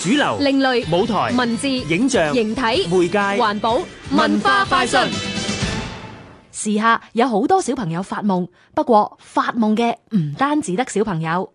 主流、另類、舞台、文字、影像、形體、媒介、環保、文化、快訊。時下有好多小朋友發夢，不過發夢嘅唔單止得小朋友。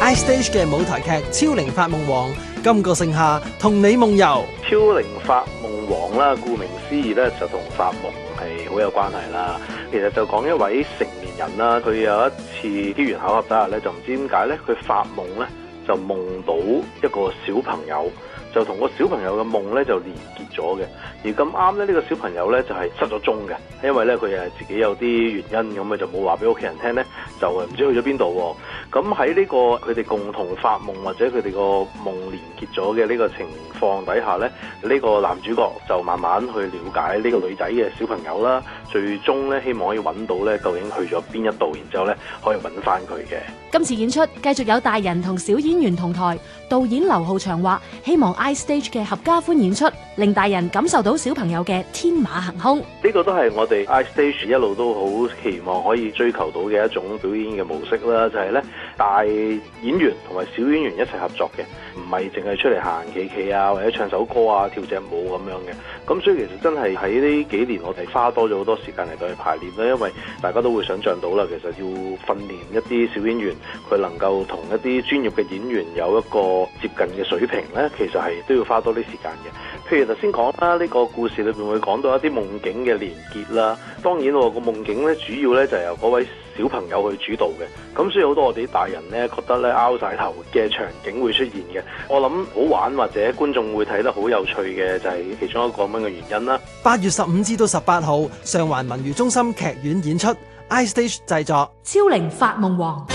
I Stage 嘅舞台劇《超齡發夢王》，今個盛夏同你夢遊。超齡發夢王啦，顧名思義咧，就同發夢係好有關係啦。其實就講一位成年人啦，佢有一次機緣巧合底下咧，就唔知點解咧，佢發夢咧。就夢到一個小朋友。就同個小朋友嘅夢咧就連結咗嘅，而咁啱咧呢個小朋友咧就係失咗蹤嘅，因為咧佢係自己有啲原因咁啊就冇話俾屋企人聽咧，就唔知去咗邊度。咁喺呢個佢哋共同發夢或者佢哋個夢連結咗嘅呢個情況底下咧，呢個男主角就慢慢去了解呢個女仔嘅小朋友啦，最終咧希望可以揾到咧究竟去咗邊一度，然之後咧可以揾翻佢嘅。今次演出繼續有大人同小演員同台，導演劉浩祥話希望。iStage 嘅合家歡演出，令大人感受到小朋友嘅天馬行空。呢個都係我哋 iStage 一路都好期望可以追求到嘅一種表演嘅模式啦。就係咧，大演員同埋小演員一齊合作嘅，唔係淨係出嚟行行企企啊，或者唱首歌啊、跳隻舞咁樣嘅。咁所以其實真係喺呢幾年，我哋花多咗好多時間嚟到去排練啦。因為大家都會想象到啦，其實要訓練一啲小演員，佢能夠同一啲專業嘅演員有一個接近嘅水平咧，其實係。都要花多啲時間嘅。譬如頭先講啦，呢個故事裏面會講到一啲夢境嘅連結啦。當然我個夢境咧，主要咧就由嗰位小朋友去主導嘅。咁所以好多我哋大人咧覺得咧拗晒頭嘅場景會出現嘅。我諗好玩或者觀眾會睇得好有趣嘅，就係其中一個咁樣嘅原因啦。八月十五至到十八號，上環文娛中心劇院演出，I Stage 製作《超靈發夢王》，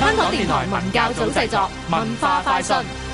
香港電台文教組製作，文化快訊。